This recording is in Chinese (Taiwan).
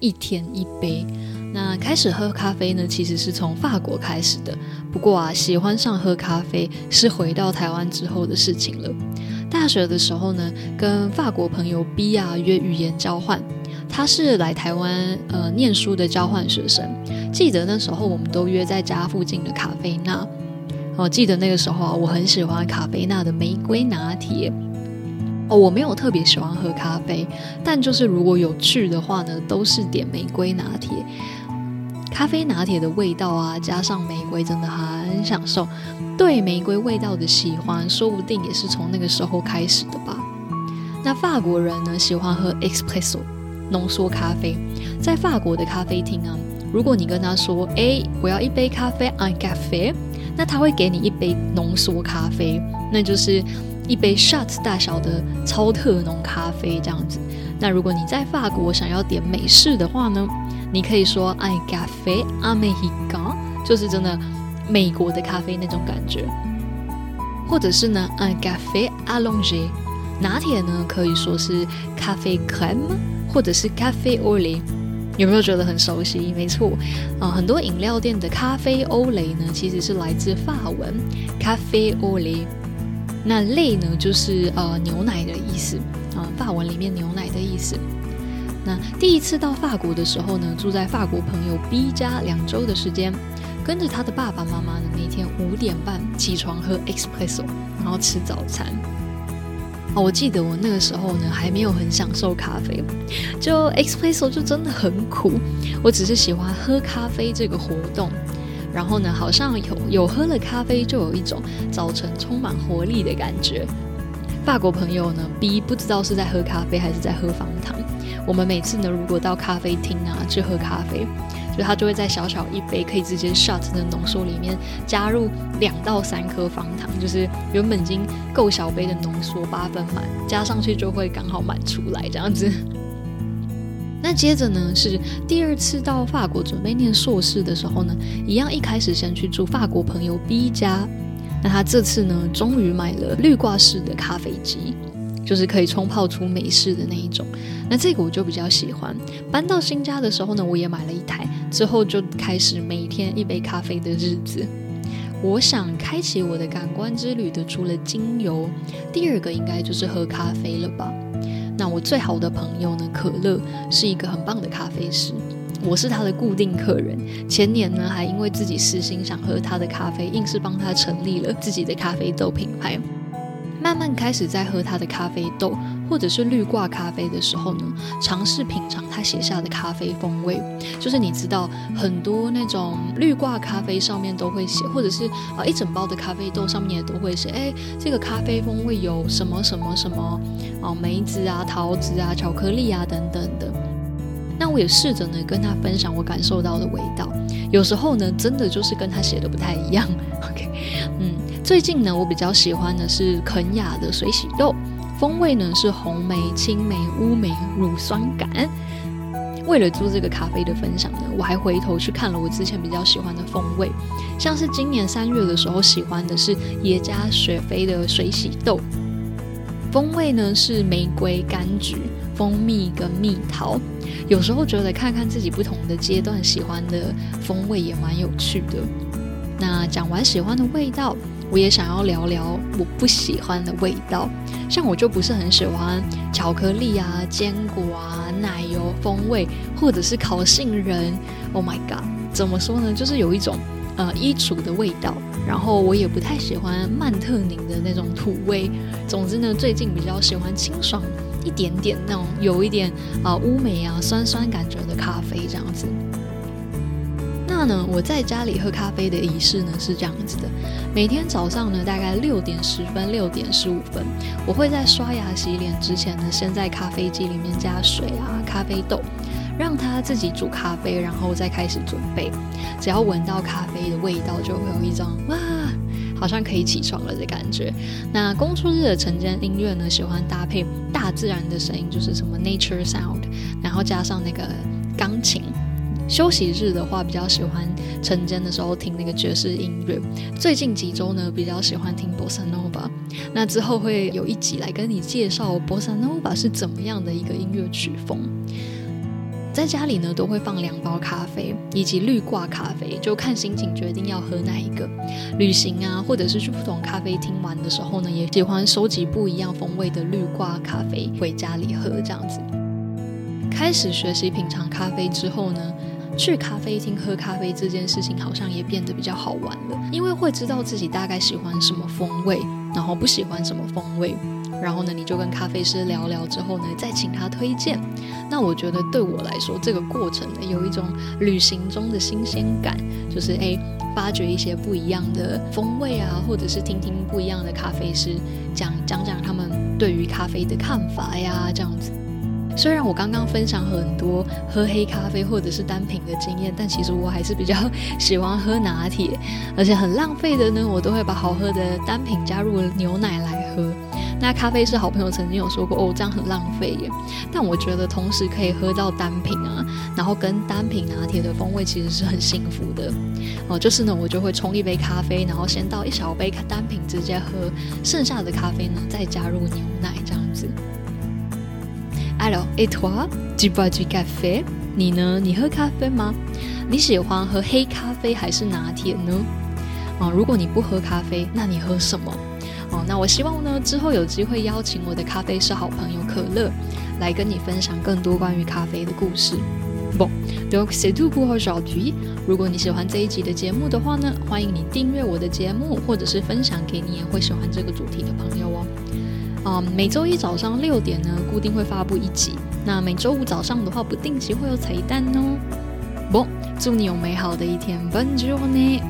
一天一杯，那開始喝咖啡呢，其實是從法國開始的。不過啊，喜歡上喝咖啡是回到台灣之後的事情了。大學的時候呢，跟法國朋友 Bia 約語言交換，他是來台灣呃念書的交換學生。記得那時候我們都約在家附近的卡啡娜，哦，記得那個時候啊，我很喜歡卡啡娜的玫瑰拿鐵。哦，我沒有特別喜歡喝咖啡，但就是如果有去的話呢，都是點玫瑰拿鐵。咖啡拿鐵的味道啊，加上玫瑰，真的很享受。對玫瑰味道的喜歡，說不定也是從那個時候開始的吧。那法國人呢，喜歡喝 espresso 濃縮咖啡。在法國的咖啡廳啊，如果你跟他說：“哎、欸，我要一杯咖啡，un café”，那他會給你一杯濃縮咖啡，那就是。一杯 shots 大小的超特濃咖啡這樣子。那如果你在法國想要點美式的話呢，你可以說 un café américain，就是真的美國的咖啡那種感覺。或者是呢，un café allongé。拿鐵呢，可以說是咖啡 crème，或者是咖啡 au lait。有沒有覺得很熟悉？沒錯，啊、呃，很多飲料店的咖啡歐蕾呢，其實是來自法文咖啡 au lait。那類呢，就是呃牛奶的意思啊，呃，法文裡面牛奶的意思。那第一次到法國的時候呢，住在法國朋友 B 家兩周的時間，跟着他的爸爸媽媽呢，每天五點半起床喝 Expresso，然後吃早餐。哦，我記得我那個時候呢，還沒有很享受咖啡，就 Expresso 就真的很苦。我只是喜歡喝咖啡這個活動，然後呢，好像有。有喝了咖啡就有一種早晨充滿活力的感覺。法國朋友呢，B 不知道是在喝咖啡還是在喝方糖。我們每次呢，如果到咖啡廳啊去喝咖啡，就他就會在小小一杯可以直接 shot 的濃縮裡面加入兩到三顆方糖，就是原本已經夠小杯的濃縮八分滿，加上去就會剛好滿出來這樣子。那接着呢，是第二次到法國準備念碩士的時候呢，一樣一開始先去住法國朋友 B 家。那他這次呢，終於買了濾掛式的咖啡機，就是可以沖泡出美式的那一種。那這個我就比較喜歡。搬到新家的時候呢，我也買了一台，之後就開始每天一杯咖啡的日子。我想開啟我的感官之旅的，除了精油，第二個應該就是喝咖啡了吧。那我最好的朋友呢，可樂是一個很棒的咖啡師，我是他的固定客人。前年呢，還因為自己私心想喝他的咖啡，硬是幫他成立了自己的咖啡豆品牌。慢慢開始在喝他的咖啡豆，或者是濾掛咖啡的時候呢，嘗試品嘗他寫下的咖啡風味。就是你知道，很多那種濾掛咖啡上面都會寫，或者是啊一整包的咖啡豆上面也都會寫，誒、欸，這個咖啡風味有什麼什麼什麼哦、啊，梅子啊、桃子啊、巧克力啊、等等的。那我也試着呢跟他分享我感受到的味道，有時候呢，真的就是跟他寫的不太一樣。OK，嗯。最近呢，我比較喜歡的是肯亞的水洗豆，風味呢是紅梅、青梅、烏梅乳酸感。為了做這個咖啡的分享呢，我還回頭去看了我之前比較喜歡的風味，像是今年三月的時候喜歡的是耶加雪菲的水洗豆，風味呢是玫瑰、柑橘、蜂蜜跟蜜桃。有時候覺得看看自己不同的階段喜歡的風味也蠻有趣的。那講完喜歡的味道。我也想要聊聊我不喜歡的味道，像我就不是很喜歡巧克力啊、堅果啊、奶油風味，或者是烤杏仁。Oh my god，怎麼說呢？就是有一種呃衣櫥的味道。然後我也不太喜歡曼特寧的那種土味。總之呢，最近比較喜歡清爽一點點那種，有一點、呃、烏梅啊，酸酸感覺的咖啡這樣子。那呢，我在家裡喝咖啡的儀式呢是這樣子的，每天早上呢大概六點十分、六點十五分，我會在刷牙洗臉之前呢，先在咖啡機裡面加水啊、咖啡豆，讓它自己煮咖啡，然後再開始準備。只要聞到咖啡的味道，就會有一種哇，好像可以起床了的感覺。那工作日的晨間音樂呢，喜歡搭配大自然的聲音，就是什麼 nature sound，然後加上那個鋼琴。休息日的話，比較喜歡晨間的時候聽那個爵士音樂。最近幾周呢，比較喜歡聽波薩諾瓦。那之後會有一集來跟你介紹波薩諾瓦是怎麼樣的一個音樂曲風。在家裡呢，都會放兩包咖啡以及濾掛咖啡，就看心情決定要喝哪一個。旅行啊，或者是去不同咖啡廳玩的時候呢，也喜歡收集不一樣風味的濾掛咖啡回家裡喝這樣子。開始學習品嘗咖啡之後呢，去咖啡廳喝咖啡這件事情，好像也變得比較好玩了，因為會知道自己大概喜歡什麼風味，然後不喜歡什麼風味，然後呢，你就跟咖啡師聊聊之後呢，再請他推薦。那我覺得對我來說，這個過程呢，有一種旅行中的新鮮感，就是欸，發掘一些不一樣的風味啊，或者是聽聽不一樣的咖啡師講講講他們對於咖啡的看法呀，這樣子。雖然我剛剛分享很多喝黑咖啡或者是單品的經驗，但其實我還是比較喜歡喝拿鐵，而且很浪費的呢，我都會把好喝的單品加入牛奶來喝。那咖啡是好朋友曾經有說過哦，這樣很浪費耶，但我覺得同時可以喝到單品啊，然後跟單品拿鐵的風味其實是很幸福的哦。就是呢，我就會沖一杯咖啡，然後先倒一小杯單品直接喝，剩下的咖啡呢，再加入牛奶這樣子。Hello，et toi, j'ai bu du, du café。你呢？你喝咖啡嗎？你喜歡喝黑咖啡還是拿鐵呢？啊、哦，如果你不喝咖啡，那你喝什麼？哦，那我希望呢，之後有機會邀請我的咖啡師好朋友可樂，來跟你分享更多關於咖啡的故事。Bon, donc c'est tout pour aujourd'hui。如果你喜歡這一集的節目的話呢，歡迎你訂閱我的節目，或者是分享給你也會喜歡這個主題的朋友哦。啊，um, 每周一早上六點呢，固定會發布一集。那每周五早上的話，不定期會有彩蛋哦。啵、bon,，祝你有美好的一天。Bonne journée